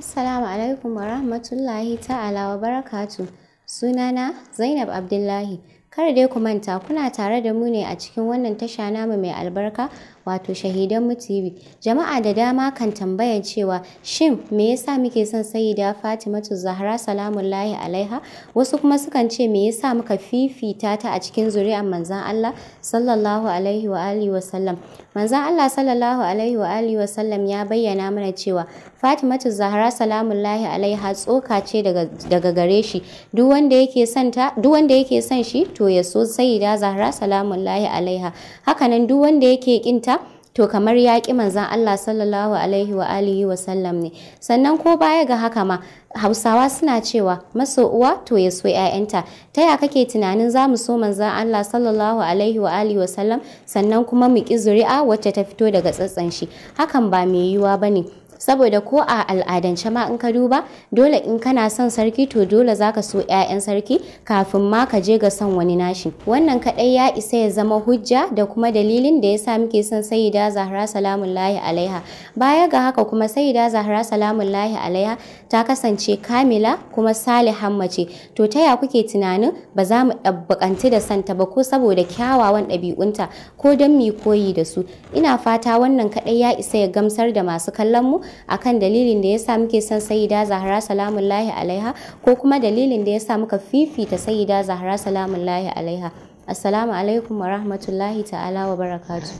Assalamu alaikum wa rahmatullahi ta'ala wa barakatu. Sunana Zainab Abdullahi. Kar dai ku manta kuna tare da mu ne a cikin wannan tasha namu mai albarka wato shahidan mutiwi jama'a da dama kan tambaya cewa shin me yasa muke son sayida Fatimatu Zahra salamullahi alaiha wasu kuma sukan ce me yasa muka fifita ta a cikin zuri'an manzon Allah sallallahu alaihi wa alihi wasallam manzan Allah sallallahu alaihi wa alihi wasallam ya bayyana mana cewa Fatimatu Zahra salamullahi alaiha tsoka ce daga daga gare shi duk wanda yake son ta duk wanda yake son shi to ya so sayida Zahra salamullahi alaiha hakanan duk wanda yake kinta to kamar yaƙi manzan Allah sallallahu alaihi wa alihi wa sallam ne sannan ko baya ga haka ma hausawa suna cewa maso uwa to ya so ‘ya'yanta ta ya kake tunanin za mu so manzan Allah sallallahu alaihi wa alihi wa sallam sannan kuma mu ƙi zuri'a wacce ta fito daga tsatsan shi hakan ba mai yiwuwa ba ne saboda ko a al'adance ma in ka duba dole in kana son sarki to dole zaka so 'ya'yan sarki kafin ma ka je ga son wani nashi wannan kadai ya isa ya zama hujja da kuma dalilin da yasa muke son sayyida zahra salamullahi alaiha baya ga haka kuma sayyida zahra salamullahi alaiha ta kasance kamila kuma salihan mace to ta ya kuke tunanin ba za mu ɗabbaƙanci da santa ba ko saboda kyawawan ɗabi'unta ko don mi koyi da su ina fata wannan kadai ya isa ya gamsar da masu kallon mu akan dalilin da yasa muke son Sayyida Zahra lahi alaiha ko kuma dalilin da yasa muka fifita Sayyida Zahra lahi alaiha. Assalamu alaikum wa rahmatullahi ta'ala wa barakatu.